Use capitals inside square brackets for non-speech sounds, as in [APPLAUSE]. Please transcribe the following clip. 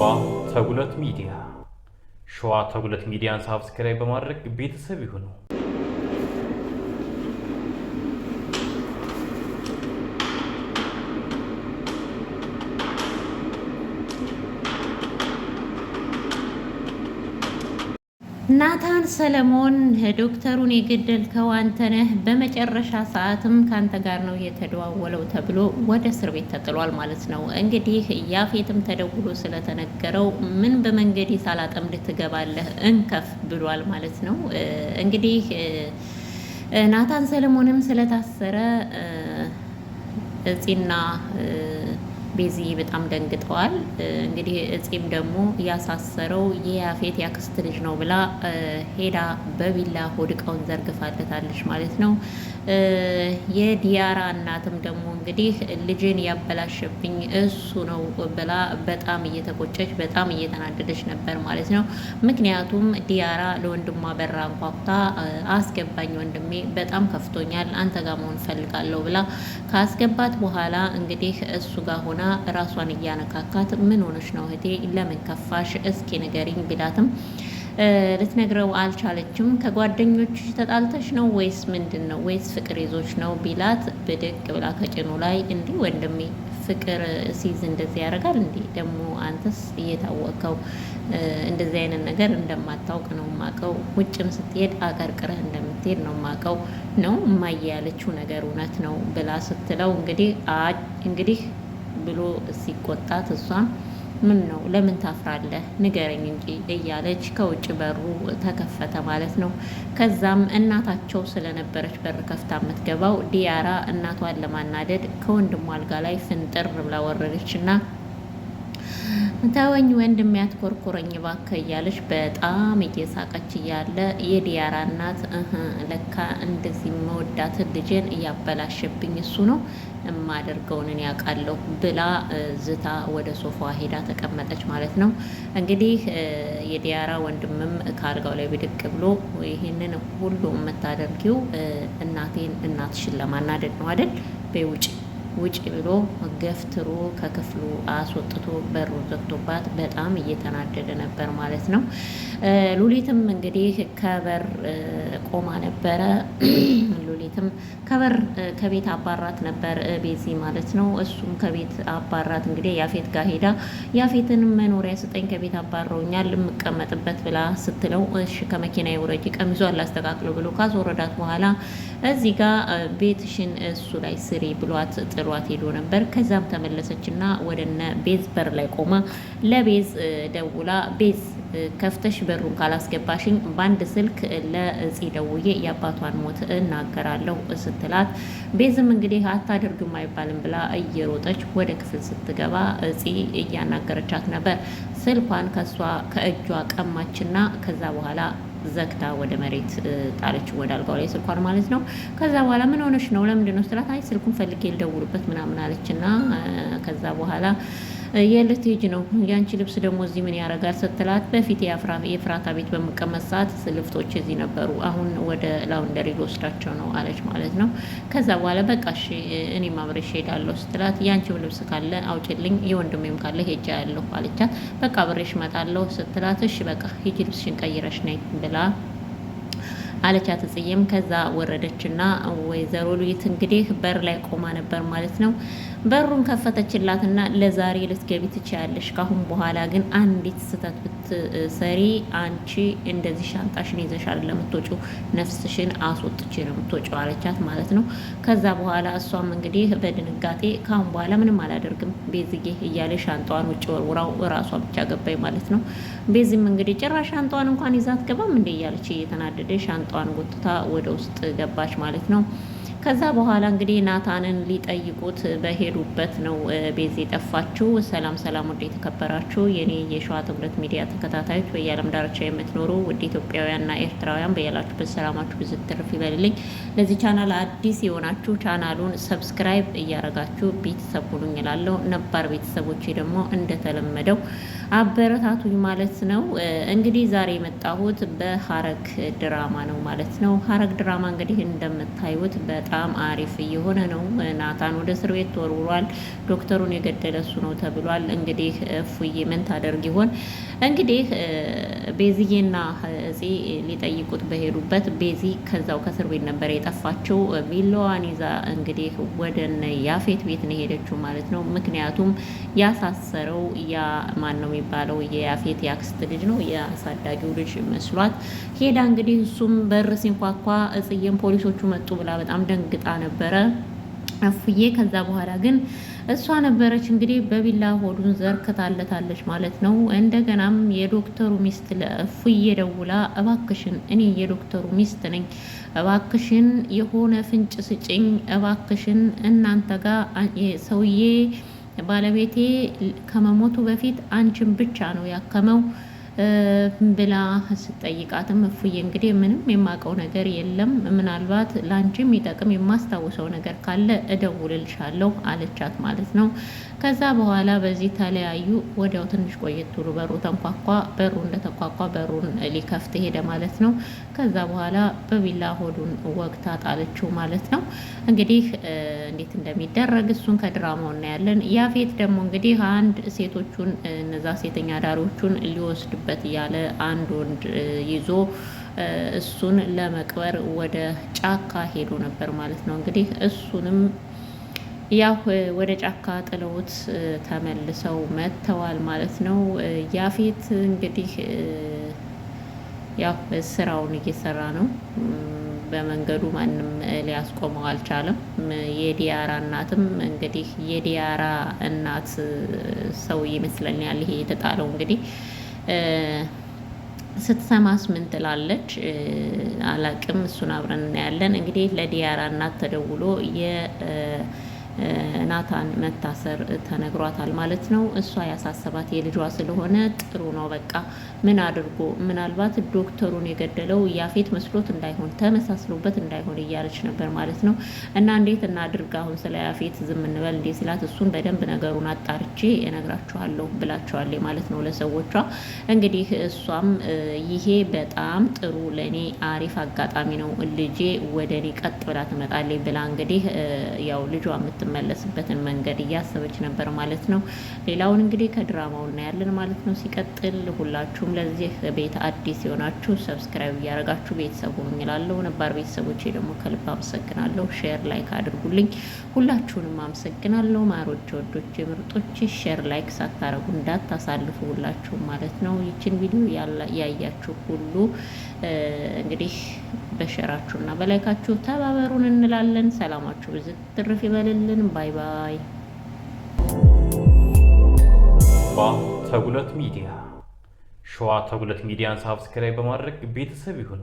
ሸዋ ተጉለት ሚዲያ ሸዋ ተጉለት ሚዲያን ሳብስክራይብ በማድረግ ቤተሰብ ይሁኑ። ናታን ሰለሞን ዶክተሩን የገደልከው አንተ ነህ፣ በመጨረሻ ሰዓትም ከአንተ ጋር ነው የተደዋወለው ተብሎ ወደ እስር ቤት ተጥሏል ማለት ነው። እንግዲህ ያፌትም ተደውሎ ስለተነገረው ምን በመንገድ ሳላጠምድህ ትገባለህ እንከፍ ብሏል ማለት ነው። እንግዲህ ናታን ሰለሞንም ስለታሰረ እፂና ቤዝዬ በጣም ደንግጠዋል። እንግዲህ እጺም ደግሞ ያሳሰረው የያፌት ያክስት ልጅ ነው ብላ ሄዳ በቢላ ሆድቃውን ዘርግፋለታለች ማለት ነው። የዲያራ እናትም ደግሞ እንግዲህ ልጅን ያበላሸብኝ እሱ ነው ብላ በጣም እየተቆጨች በጣም እየተናደደች ነበር ማለት ነው። ምክንያቱም ዲያራ ለወንድሟ በራ አንኳኩታ አስገባኝ ወንድሜ፣ በጣም ከፍቶኛል፣ አንተ ጋር መሆን ፈልጋለሁ ብላ ካስገባት በኋላ እንግዲህ እሱ ጋር ሆና ራሷን እያነካካት ምን ሆነች ነው እህቴ ለምን ከፋሽ እስኪ ንገሪኝ ቢላትም ልትነግረው አልቻለችም። ከጓደኞች ተጣልተች ነው ወይስ ምንድን ነው ወይስ ፍቅር ይዞች ነው ቢላት ብድቅ ብላ ከጭኑ ላይ እንዲህ ወንድሜ ፍቅር ሲይዝ እንደዚህ ያደርጋል እንዴ? ደግሞ አንተስ እየታወቀው እንደዚህ አይነት ነገር እንደማታውቅ ነው ማቀው። ውጭም ስትሄድ ቅረህ እንደምትሄድ ነው ማቀው። ነው እማዬ ያለችው ነገር እውነት ነው ብላ ስትለው እንግዲህ እንግዲህ ብሎ ሲቆጣት እሷም ምን ነው ለምን ታፍራለህ ንገረኝ እንጂ እያለች ከውጭ በሩ ተከፈተ ማለት ነው። ከዛም እናታቸው ስለነበረች በር ከፍታ የምትገባው ዲያራ እናቷን ለማናደድ ከወንድሟ አልጋ ላይ ፍንጥር ብላ ወረደች እና ተወኝ ወንድም ያትኮርኩረኝ ባከ እያለች በጣም እየሳቀች እያለ የዲያራ እናት እህ ለካ እንደዚህ መወዳት ልጄን እያበላሸብኝ እሱ ነው የማደርገውን እኔ ያውቃለሁ ብላ ዝታ ወደ ሶፋ ሄዳ ተቀመጠች ማለት ነው። እንግዲህ የዲያራ ወንድምም ከአልጋው ላይ ብድቅ ብሎ ይህንን ሁሉ የምታደርጊው እናቴን እናትሽን ለማናደድ ነው አይደል? በውጭ ውጭ ብሎ ገፍትሮ ከክፍሉ አስወጥቶ በሩ ዘግቶባት በጣም እየተናደደ ነበር ማለት ነው። ሉሊትም እንግዲህ ከበር ቆማ ነበረ። [CLEARS THROAT] ሉሊትም ከበር ከቤት አባራት ነበር ቤዚ ማለት ነው። እሱም ከቤት አባራት እንግዲህ ያፌት ጋር ሄዳ ያፌትን መኖሪያ ስጠኝ ከቤት አባረውኛል የምቀመጥበት ብላ ስትለው እሺ ከመኪና የውረጅ ቀሚዞ አላስተካክለው ብሎ ካስወረዳት በኋላ እዚህ ጋር ቤትሽን እሱ ላይ ስሪ ብሏት ጥሩ ጥሏት ሄዶ ነበር። ከዛም ተመለሰችና ወደነ ቤዝ በር ላይ ቆማ ለቤዝ ደውላ ቤዝ ከፍተሽ በሩን ካላስገባሽኝ በአንድ ስልክ ለእጽ ደውዬ የአባቷን ሞት እናገራለሁ ስትላት፣ ቤዝም እንግዲህ አታደርግም አይባልም ብላ እየሮጠች ወደ ክፍል ስትገባ እጽ እያናገረቻት ነበር። ስልኳን ከእሷ ከእጇ ቀማችና ከዛ በኋላ ዘግታ ወደ መሬት ጣለች፣ ወደ አልጋው ላይ ስልኳን ማለት ነው። ከዛ በኋላ ምን ሆነች ነው ለምንድን ነው ስላት፣ አይ ስልኩን ፈልጌ ልደውልበት ምናምን አለች እና ከዛ በኋላ የለት ሄጅ ነው ያንቺ ልብስ ደግሞ እዚህ ምን ያደርጋል ስትላት፣ በፊት የፍራታ ቤት በመቀመጥ ሰዓት ልብሶች እዚህ ነበሩ፣ አሁን ወደ ላውንደሪ ልወስዳቸው ነው አለች ማለት ነው። ከዛ በኋላ በቃ እሺ እኔም አብሬሽ እሄዳለሁ ስትላት፣ ያንቺም ልብስ ካለ አውጭልኝ፣ የወንድሜም ካለ ሄጃ ያለሁ አለቻት። በቃ አብሬሽ እመጣለሁ ስትላት፣ እሺ በቃ ሂጂ ልብስሽን ቀይረሽ ነይ ብላ አለቻት ጽዬም። ከዛ ወረደችና ወይዘሮ ሉሊት እንግዲህ በር ላይ ቆማ ነበር ማለት ነው። በሩን ከፈተችላትና ለዛሬ ልትገቢ ትችያለሽ፣ ካሁን በኋላ ግን አንዲት ስህተት ብትሰሪ አንቺ እንደዚህ ሻንጣሽን ይዘሻል ለምትወጩ ነፍስሽን አስወጥቼ ነው የምትወጪው አለቻት ማለት ነው። ከዛ በኋላ እሷም እንግዲህ በድንጋጤ ካሁን በኋላ ምንም አላደርግም ቤዝጌ እያለ ሻንጣዋን ውጭ ወርውራው እራሷ ብቻ ገባኝ ማለት ነው። ቤዝም እንግዲህ ጭራሽ ሻንጣዋን እንኳን ይዛት ገባም እንደ እያለች እየተናደደ ሻንጣዋን ጎትታ ወደ ውስጥ ገባች ማለት ነው። ከዛ በኋላ እንግዲህ ናታንን ሊጠይቁት በሄዱበት ነው ቤዛ የጠፋችው። ሰላም ሰላም፣ ውድ የተከበራችሁ የኔ የሸዋ ትምረት ሚዲያ ተከታታዮች በየዓለም ዳርቻ የምትኖሩ ውድ ኢትዮጵያውያንና ኤርትራውያን በያላችሁበት ሰላማችሁ ብዙ ትርፍ ይበልልኝ። ለዚህ ቻናል አዲስ የሆናችሁ ቻናሉን ሰብስክራይብ እያረጋችሁ ቤተሰብ ሁኑኝ እላለሁ። ነባር ቤተሰቦቼ ደግሞ እንደተለመደው አበረታቱኝ ማለት ነው። እንግዲህ ዛሬ የመጣሁት በሀረግ ድራማ ነው ማለት ነው። ሀረግ ድራማ እንግዲህ እንደምታዩት በጣም አሪፍ እየሆነ ነው። ናታን ወደ እስር ቤት ተወርውሯል። ዶክተሩን የገደለ እሱ ነው ተብሏል። እንግዲህ እፉዬ ምን ታደርግ ይሆን እንግዲህ ቤዚዬና እፄ ሊጠይቁት በሄዱበት ቤዚ ከዛው ከእስር ቤት ነበር የጠፋቸው። ቢላዋን ይዛ እንግዲህ ወደነ ያፌት ቤት ነው ሄደችው ማለት ነው። ምክንያቱም ያሳሰረው ያ ማን ነው የሚባለው የያፌት ያክስት ልጅ ነው የአሳዳጊው ልጅ መስሏት ሄዳ እንግዲህ እሱም በር ሲንኳኳ እጽዬም ፖሊሶቹ መጡ ብላ በጣም ደንግጣ ነበረ አፉዬ ከዛ በኋላ ግን እሷ ነበረች እንግዲህ በቢላ ሆዱን ዘርክታለታለች ማለት ነው። እንደገናም የዶክተሩ ሚስት ለእፉዬ ደውላ እባክሽን፣ እኔ የዶክተሩ ሚስት ነኝ፣ እባክሽን የሆነ ፍንጭ ስጭኝ፣ እባክሽን እናንተ ጋር ሰውዬ ባለቤቴ ከመሞቱ በፊት አንቺን ብቻ ነው ያከመው ብላ ስጠይቃትም እፉዬ እንግዲህ ምንም የማውቀው ነገር የለም፣ ምናልባት ለአንቺ የሚጠቅም የማስታውሰው ነገር ካለ እደውልልሻለሁ አለቻት ማለት ነው። ከዛ በኋላ በዚህ ተለያዩ። ወዲያው ትንሽ ቆየት ብሎ በሩ ተንኳኳ። በሩ እንደተንኳኳ በሩን ሊከፍት ሄደ ማለት ነው። ከዛ በኋላ በቢላ ሆዱን ወግታ ጣለችው ማለት ነው። እንግዲህ እንዴት እንደሚደረግ እሱን ከድራማው እናያለን። ያፌት ደግሞ እንግዲህ አንድ ሴቶቹን እነዛ ሴተኛ አዳሪዎቹን ሊወስድበት እያለ አንድ ወንድ ይዞ እሱን ለመቅበር ወደ ጫካ ሄዶ ነበር ማለት ነው። እንግዲህ እሱንም ያው ወደ ጫካ ጥለውት ተመልሰው መጥተዋል ማለት ነው። ያፌት እንግዲህ ያው ስራውን እየሰራ ነው። በመንገዱ ማንም ሊያስቆመው አልቻለም። የዲያራ እናትም እንግዲህ የዲያራ እናት ሰው ይመስለኛል ይሄ የተጣለው እንግዲህ ስትሰማስ ምን ትላለች? አላቅም። እሱን አብረን እናያለን። እንግዲህ ለዲያራ እናት ተደውሎ ናታን መታሰር ተነግሯታል ማለት ነው። እሷ ያሳሰባት የልጇ ስለሆነ ጥሩ ነው በቃ ምን አድርጎ ምናልባት ዶክተሩን የገደለው ያፌት መስሎት እንዳይሆን ተመሳስሎበት እንዳይሆን እያለች ነበር ማለት ነው። እና እንዴት እናድርግ አሁን ስለ ያፌት ዝም እንበል እንዴ ስላት እሱን በደንብ ነገሩን አጣርቼ እነግራችኋለሁ ብላቸዋል ማለት ነው ለሰዎቿ። እንግዲህ እሷም ይሄ በጣም ጥሩ ለእኔ አሪፍ አጋጣሚ ነው ልጄ ወደ እኔ ቀጥ ብላ ትመጣለች ብላ እንግዲህ ያው ልጇ የምትመለስበትን መንገድ እያሰበች ነበር ማለት ነው። ሌላውን እንግዲህ ከድራማው እናያለን ማለት ነው። ሲቀጥል ሁላችሁም ለዚህ ቤት አዲስ የሆናችሁ ሰብስክራይብ እያደረጋችሁ ቤተሰቡ እንላለሁ። ነባር ቤተሰቦቼ ደግሞ ከልብ አመሰግናለሁ። ሼር ላይክ አድርጉልኝ። ሁላችሁንም አመሰግናለሁ። ማሮች፣ ወዶች፣ ምርጦች ሼር ላይክ ሳታረጉ እንዳታሳልፉ ሁላችሁም ማለት ነው። ይችን ቪዲዮ ያያችሁ ሁሉ እንግዲህ በሸራችሁና በላይካችሁ ተባበሩን እንላለን። ሰላማችሁ ብዙ ትርፍ ይበልልን። ባይ ባይ። ተጉለት ሚዲያ ሸዋ ተጉለት ሚዲያን ሳብስክራይብ በማድረግ ቤተሰብ ይሁኑ።